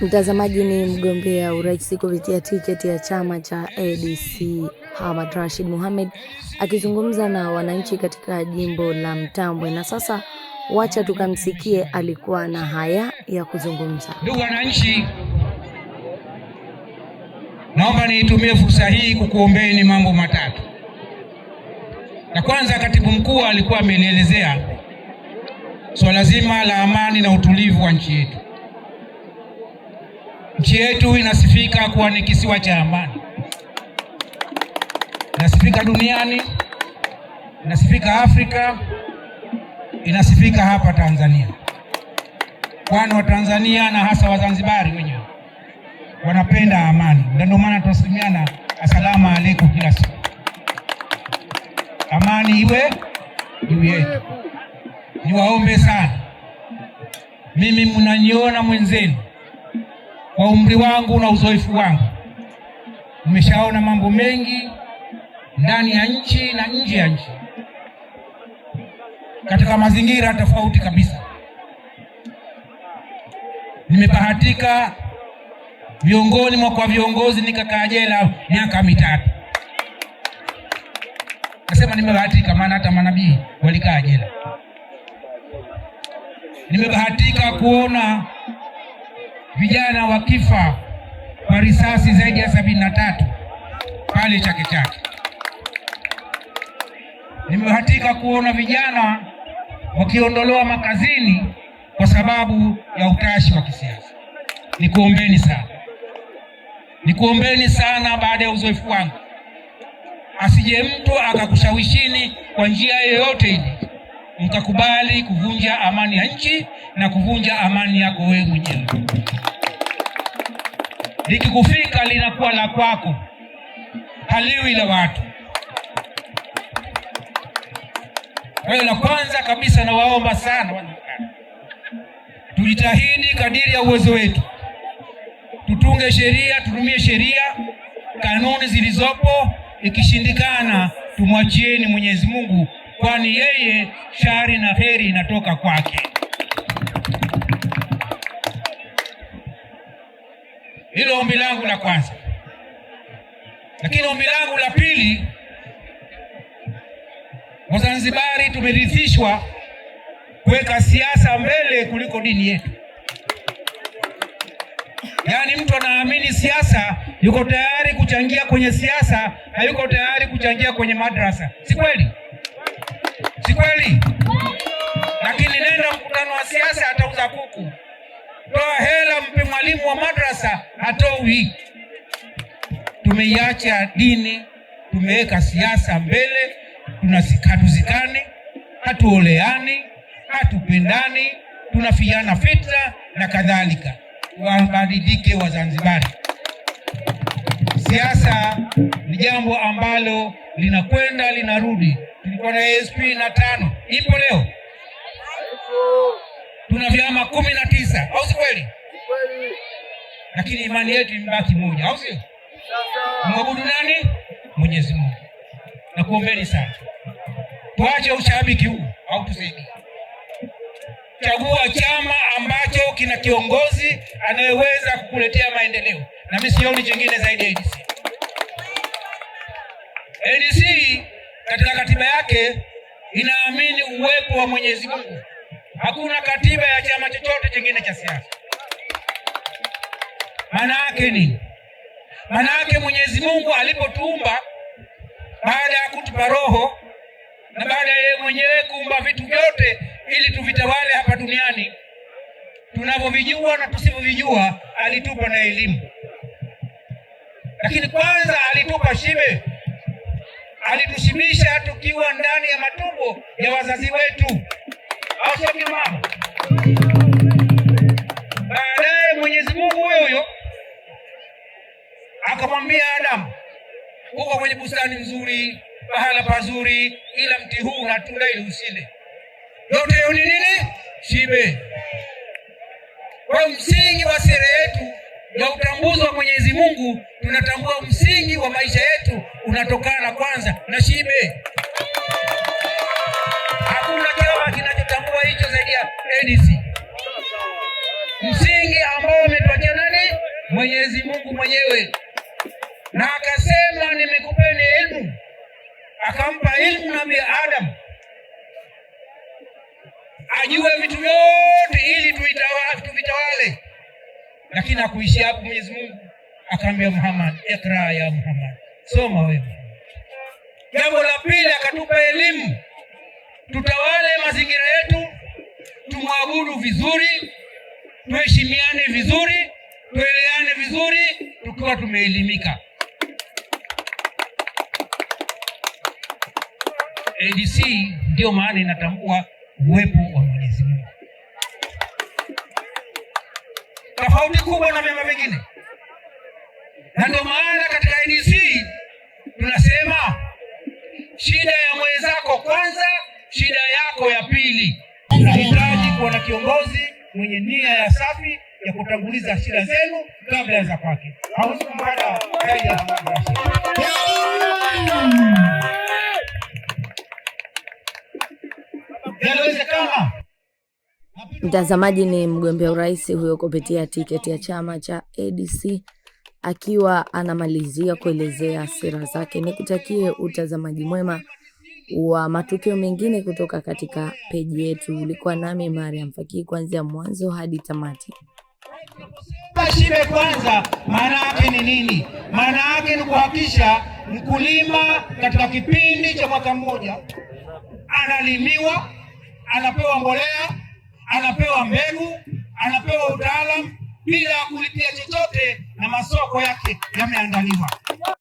Mtazamaji ni mgombea urais kupitia tiketi ya chama cha ADC Hamad Rashid Mohamed akizungumza na wananchi katika jimbo la Mtambwe. Na sasa wacha tukamsikie, alikuwa na haya ya kuzungumza. Ndugu wananchi, naomba niitumie fursa hii kukuombeeni mambo matatu. Na kwanza, katibu mkuu alikuwa amenielezea swala so zima la amani na utulivu wa nchi yetu Nchi yetu inasifika kuwa ni kisiwa cha amani, inasifika duniani, inasifika Afrika, inasifika hapa Tanzania. Kwani Watanzania na hasa Wazanzibari wenyewe wanapenda amani, na ndio maana tunasalimiana asalamu aleikum kila siku. Amani iwe juu yetu. Niwaombe sana, mimi mnaniona mwenzenu kwa umri wangu na uzoefu wangu, nimeshaona mambo mengi ndani ya nchi na nje ya nchi katika mazingira tofauti kabisa. Nimebahatika miongoni mwa kwa viongozi nikakaa jela miaka mitatu. Nasema nimebahatika, maana hata manabii walikaa jela. Nimebahatika kuona vijana wakifa kwa risasi zaidi ya sabini na tatu pale Chake Chake. Nimebahatika kuona vijana wakiondolewa makazini kwa sababu ya utashi wa kisiasa. Nikuombeni sana, nikuombeni sana, baada ya uzoefu wangu, asije mtu akakushawishini kwa njia yoyote ile mtakubali kuvunja amani ya nchi na kuvunja amani yako wewe mwenyewe. Likikufika linakuwa la kwako, haliwi la watu. Kwa hiyo la kwanza kabisa, nawaomba sana tujitahidi kadiri ya uwezo wetu, tutunge sheria, tutumie sheria, kanuni zilizopo. Ikishindikana, tumwachieni Mwenyezi Mungu kwani yeye shari na heri inatoka kwake. Hilo ombi langu la kwanza, lakini ombi langu la pili, Wazanzibari tumerithishwa kuweka siasa mbele kuliko dini yetu. Yaani, mtu anaamini siasa, yuko tayari kuchangia kwenye siasa, hayuko tayari kuchangia kwenye madrasa. Si kweli? si kweli? Lakini nenda mkutano wa siasa, atauza kuku. Toa hela, mpe mwalimu wa madrasa, hatowi Tumeiacha dini, tumeweka siasa mbele. Tunazikatuzikane, hatuoleani, hatupendani, tunafiana fitna na kadhalika. Wabadilike Wazanzibari. Siasa ni jambo ambalo linakwenda linarudi. Tulikuwa na ASP na tano, ipo leo tuna vyama kumi na tisa, au si kweli? Lakini imani yetu imebaki moja, au sio? Mwabudu nani? Mwenyezi Mungu. Nakuombeni sana, tuache ushabiki huu au tusaidie. Chagua chama ambacho kina kiongozi anayeweza kukuletea maendeleo, na mimi sioni jingine zaidi ya NDC katika katiba yake inaamini uwepo wa Mwenyezi Mungu. Hakuna katiba ya chama chochote chingine cha siasa. Maana yake ni maana yake Mwenyezi Mungu alipotuumba, baada ya kutupa roho na baada ya yeye mwenyewe kuumba vitu vyote ili tuvitawale hapa duniani tunavyovijua na tusivyovijua, alitupa na elimu, lakini kwanza alitupa shibe alitushibisha tukiwa ndani ya matumbo ya wazazi wetu, au sio kina mama? Baadaye Mwenyezi Mungu huyo huyo akamwambia Adamu, uko kwenye bustani nzuri, pahala pazuri, ila mti huu una tunda ili usile, yote ni nini? Shibe. Kwa msingi wa sera yetu na utambuzi wa Mwenyezi Mungu, tunatambua msingi wa maisha yetu unatokana kwanza na shibe. Hakuna chama kinachotambua hicho zaidi ya NDC, msingi ambao umetuachia nani? Mwenyezi Mungu mwenyewe, na akasema nimekupeni elimu, akampa elimu Nabii Adam ajue vitu vyote ili tuvitawale lakini akuishia hapo. Mwenyezi Mungu akamwambia Muhammad, ikra ya Muhammad, soma wewe. Jambo la pili akatupa elimu, tutawale mazingira yetu, tumwabudu vizuri, tuheshimiane vizuri, tueleane vizuri, tukiwa tumeelimika. ADC ndio maana inatambua uwepo wa Mwenyezi Mungu. tofauti kubwa na vyama vingine, na ndio maana katika NEC tunasema shida ya mwenzako kwanza, shida yako ya pili. Tunahitaji kuwa na kiongozi mwenye nia ya safi ya kutanguliza shida zenu kabla ya za kwake. hauzi Mtazamaji, ni mgombea urais huyo kupitia tiketi ya chama cha ADC akiwa anamalizia kuelezea sera zake. Nikutakie utazamaji mwema wa matukio mengine kutoka katika peji yetu. Ulikuwa nami Mariam Faki kuanzia mwanzo hadi tamati. Shibe kwanza, maana yake ni nini? Maana yake ni kuhakikisha mkulima katika kipindi cha mwaka mmoja analimiwa, anapewa mbolea anapewa mbegu, anapewa utaalamu bila kulipia chochote, na masoko yake yameandaliwa.